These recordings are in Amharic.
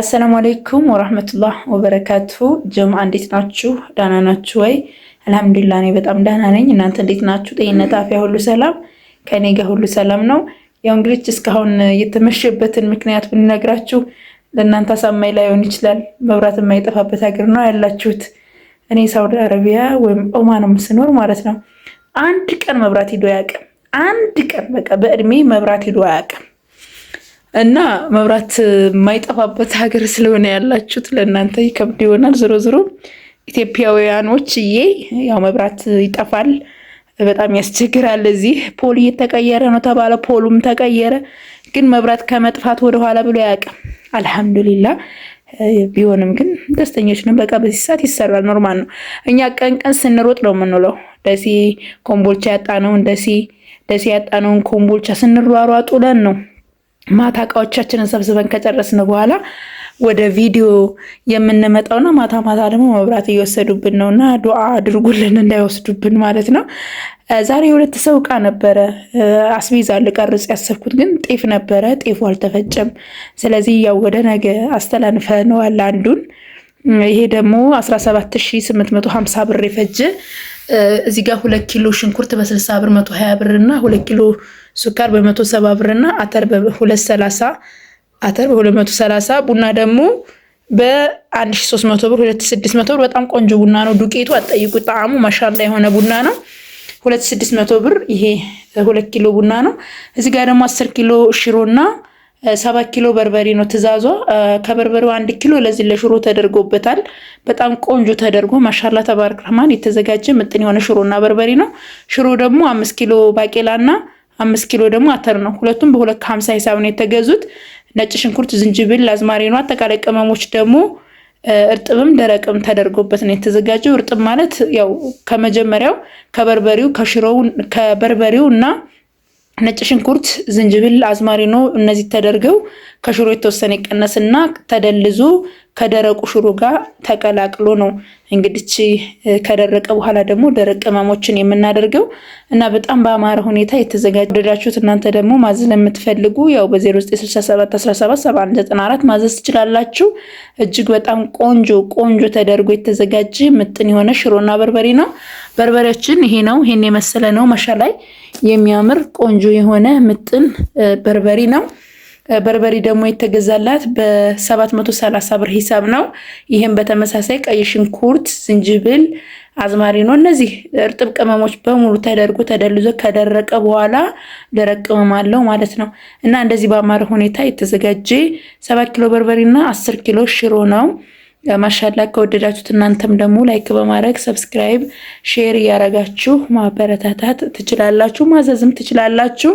አሰላሙ አለይኩም ወረህመቱላህ ወበረካቱ። ጀምዓ እንዴት ናችሁ? ዳና ናችሁ ወይ? አልሐምዱላ እኔ በጣም ዳና ነኝ። እናንተ እንዴት ናችሁ? ጤንነት አፍያ፣ ሁሉ ሰላም? ከእኔ ጋር ሁሉ ሰላም ነው። ያው እንግዲህ እስካሁን የተመሸበትን ምክንያት ብንነግራችሁ ለእናንተ አሳማኝ ላይሆን ይችላል። መብራት የማይጠፋበት ሀገር ነው ያላችሁት። እኔ ሳውዲ አረቢያ ወይም ኦማንም ስኖር ማለት ነው አንድ ቀን መብራት ሂዶ አያውቅም። አንድ ቀን በቃ በእድሜ መብራት ሂዶ አያውቅም። እና መብራት የማይጠፋበት ሀገር ስለሆነ ያላችሁት ለእናንተ ይከብድ ይሆናል። ዞሮ ዞሮ ኢትዮጵያውያኖች እዬ ያው መብራት ይጠፋል፣ በጣም ያስቸግራል። እዚህ ፖል እየተቀየረ ነው ተባለ፣ ፖሉም ተቀየረ። ግን መብራት ከመጥፋት ወደኋላ ብሎ አያውቅም። አልሐምዱሊላ ቢሆንም ግን ደስተኞች ነን። በቃ በዚህ ሰዓት ይሰራል፣ ኖርማል ነው። እኛ ቀን ቀን ስንሮጥ ነው የምንውለው። ደሴ ኮምቦልቻ ያጣነውን ደሴ ደሴ ያጣነውን ኮምቦልቻ ስንሯሯጥ ውለን ነው ማታ እቃዎቻችንን ሰብስበን ከጨረስን በኋላ ወደ ቪዲዮ የምንመጣው ነው። ማታ ማታ ደግሞ መብራት እየወሰዱብን ነው እና ዱዓ አድርጉልን እንዳይወስዱብን ማለት ነው። ዛሬ የሁለት ሰው እቃ ነበረ አስቤዛ ልቀርጽ ያሰብኩት ግን ጤፍ ነበረ። ጤፉ አልተፈጨም። ስለዚህ ያው ወደ ነገ አስተላልፈነዋል አንዱን። ይሄ ደግሞ 17850 ብር የፈጀ እዚህ ጋር ሁለት ኪሎ ሽንኩርት በስልሳ ብር መቶ ሀያ ብር እና ሁለት ኪሎ ሱካር በመቶ ሰባ ብር እና አተር በሁለት ሰላሳ አተር በሁለት መቶ ሰላሳ ቡና ደግሞ በአንድ ሺ ሶስት መቶ ብር ሁለት ስድስት መቶ ብር። በጣም ቆንጆ ቡና ነው። ዱቄቱ አጠይቁ ጣዕሙ ማሻላ የሆነ ቡና ነው። ሁለት ስድስት መቶ ብር ይሄ ሁለት ኪሎ ቡና ነው። እዚህ ጋር ደግሞ አስር ኪሎ ሽሮና ሰባት ኪሎ በርበሬ ነው ትእዛዟ። ከበርበሬው አንድ ኪሎ ለዚህ ለሽሮ ተደርጎበታል። በጣም ቆንጆ ተደርጎ ማሻላ ተባረክ ረህማን የተዘጋጀ ምጥን የሆነ እና በርበሬ ነው። ሽሮ ደግሞ አምስት ኪሎ ባቄላና አምስት ኪሎ ደግሞ አተር ነው። ሁለቱም በሁለት ከሀምሳ ሂሳብ ነው የተገዙት። ነጭ ሽንኩርት፣ ዝንጅብል፣ አዝማሪ ነው። አጠቃላይ ቅመሞች ደግሞ እርጥብም ደረቅም ተደርጎበት ነው የተዘጋጀው። እርጥብ ማለት ያው ከመጀመሪያው ከበርበሬው ከሽሮው ከበርበሬው እና ነጭ ሽንኩርት፣ ዝንጅብል፣ አዝማሪኖ እነዚህ ተደርገው ከሽሮ የተወሰነ ይቀነስና ተደልዞ ከደረቁ ሽሮ ጋር ተቀላቅሎ ነው እንግዲህ ከደረቀ በኋላ ደግሞ ደረቅ ቅመሞችን የምናደርገው እና በጣም በአማረ ሁኔታ የተዘጋጀ ወደዳችሁት። እናንተ ደግሞ ማዘዝ ለምትፈልጉ ያው በ0967177194 ማዘዝ ትችላላችሁ። እጅግ በጣም ቆንጆ ቆንጆ ተደርጎ የተዘጋጀ ምጥን የሆነ ሽሮና በርበሬ ነው። በርበሬያችን ይሄ ነው። ይሄን የመሰለ ነው። መሻ ላይ የሚያምር ቆንጆ የሆነ ምጥን በርበሬ ነው። በርበሬ ደግሞ የተገዛላት በ730 ብር ሂሳብ ነው። ይህም በተመሳሳይ ቀይ ሽንኩርት፣ ዝንጅብል፣ አዝማሪ ነው። እነዚህ እርጥብ ቅመሞች በሙሉ ተደርጎ ተደልዞ ከደረቀ በኋላ ደረቅ ቅመም አለው ማለት ነው እና እንደዚህ በአማረ ሁኔታ የተዘጋጀ 7 ኪሎ እና 10 ኪሎ ሽሮ ነው። ማሻላ ከወደዳችሁት እናንተም ደግሞ ላይክ በማድረግ ሰብስክራይብ፣ ሼር እያረጋችሁ ማበረታታት ትችላላችሁ፣ ማዘዝም ትችላላችሁ።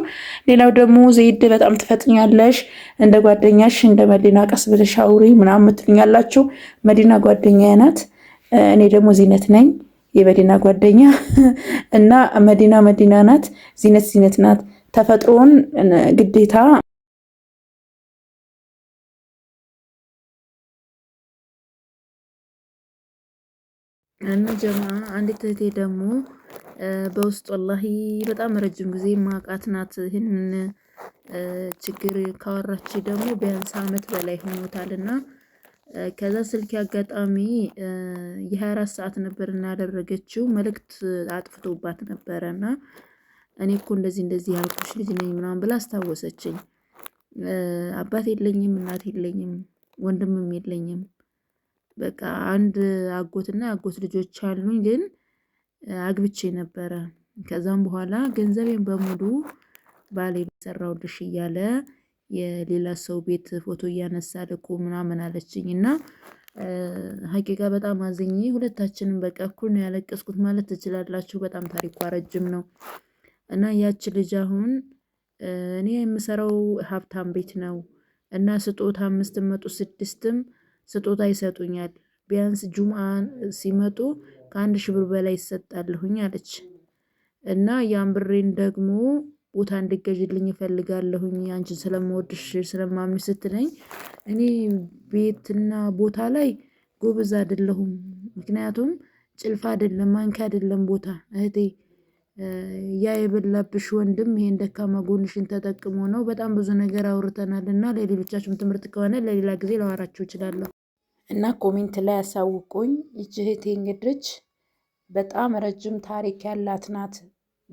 ሌላው ደግሞ ዘይድ በጣም ትፈጥኛለሽ፣ እንደ ጓደኛሽ እንደ መዲና ቀስ ብለሽ አውሪ ምናምን ምትሉኛላችሁ። መዲና ጓደኛ ናት፣ እኔ ደግሞ ዚነት ነኝ የመዲና ጓደኛ እና መዲና መዲና ናት፣ ዚነት ዚነት ናት። ተፈጥሮን ግዴታ እና ጀማ አንዲት እህቴ ደግሞ በውስጥ ወላሂ በጣም ረጅም ጊዜ ማቃት ናት። ይህንን ችግር ካወራች ደግሞ ቢያንስ አመት በላይ ሆኖታል። እና ከዛ ስልክ አጋጣሚ የ24 ሰዓት ነበር እናደረገችው መልእክት አጥፍቶባት ነበረ እና እኔ እኮ እንደዚህ እንደዚህ ያልኩሽ ልጅ ነኝ ምናምን ብላ አስታወሰችኝ። አባት የለኝም፣ እናት የለኝም፣ ወንድምም የለኝም በቃ አንድ አጎትና አጎት ልጆች አሉኝ ግን አግብቼ ነበረ። ከዛም በኋላ ገንዘቤን በሙሉ ባሌ በሰራሁልሽ እያለ የሌላ ሰው ቤት ፎቶ እያነሳ ልኩ ምናምን አለችኝ እና ሀቂቃ በጣም አዝኜ ሁለታችንም በቃ እኩል ነው ያለቀስኩት ማለት ትችላላችሁ። በጣም ታሪኳ ረጅም ነው እና ያች ልጅ አሁን እኔ የምሰራው ሀብታም ቤት ነው እና ስጦታ አምስትም መጡ ስድስትም ስጦታ ይሰጡኛል። ቢያንስ ጁምአን ሲመጡ ከአንድ ሺህ ብር በላይ ይሰጣልሁኝ አለች። እና ያን ብሬን ደግሞ ቦታ እንድገዥልኝ እፈልጋለሁኝ አንቺን ስለምወድሽ ስለማምንሽ ስትለኝ እኔ ቤትና ቦታ ላይ ጎበዝ አይደለሁም። ምክንያቱም ጭልፋ አይደለም ማንኪ አይደለም ቦታ እህቴ ያ የበላብሽ ወንድም ይሄን ደካማ ጎንሽን ተጠቅሞ ነው። በጣም ብዙ ነገር አውርተናል እና ለሌሎቻችሁም ትምህርት ከሆነ ለሌላ ጊዜ ላወራችሁ እችላለሁ። እና ኮሜንት ላይ አሳውቁኝ። ይቺ እህቴ እንግዲህ በጣም ረጅም ታሪክ ያላት ናት።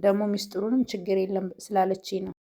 ደግሞ ሚስጥሩንም ችግር የለም ስላለች ነው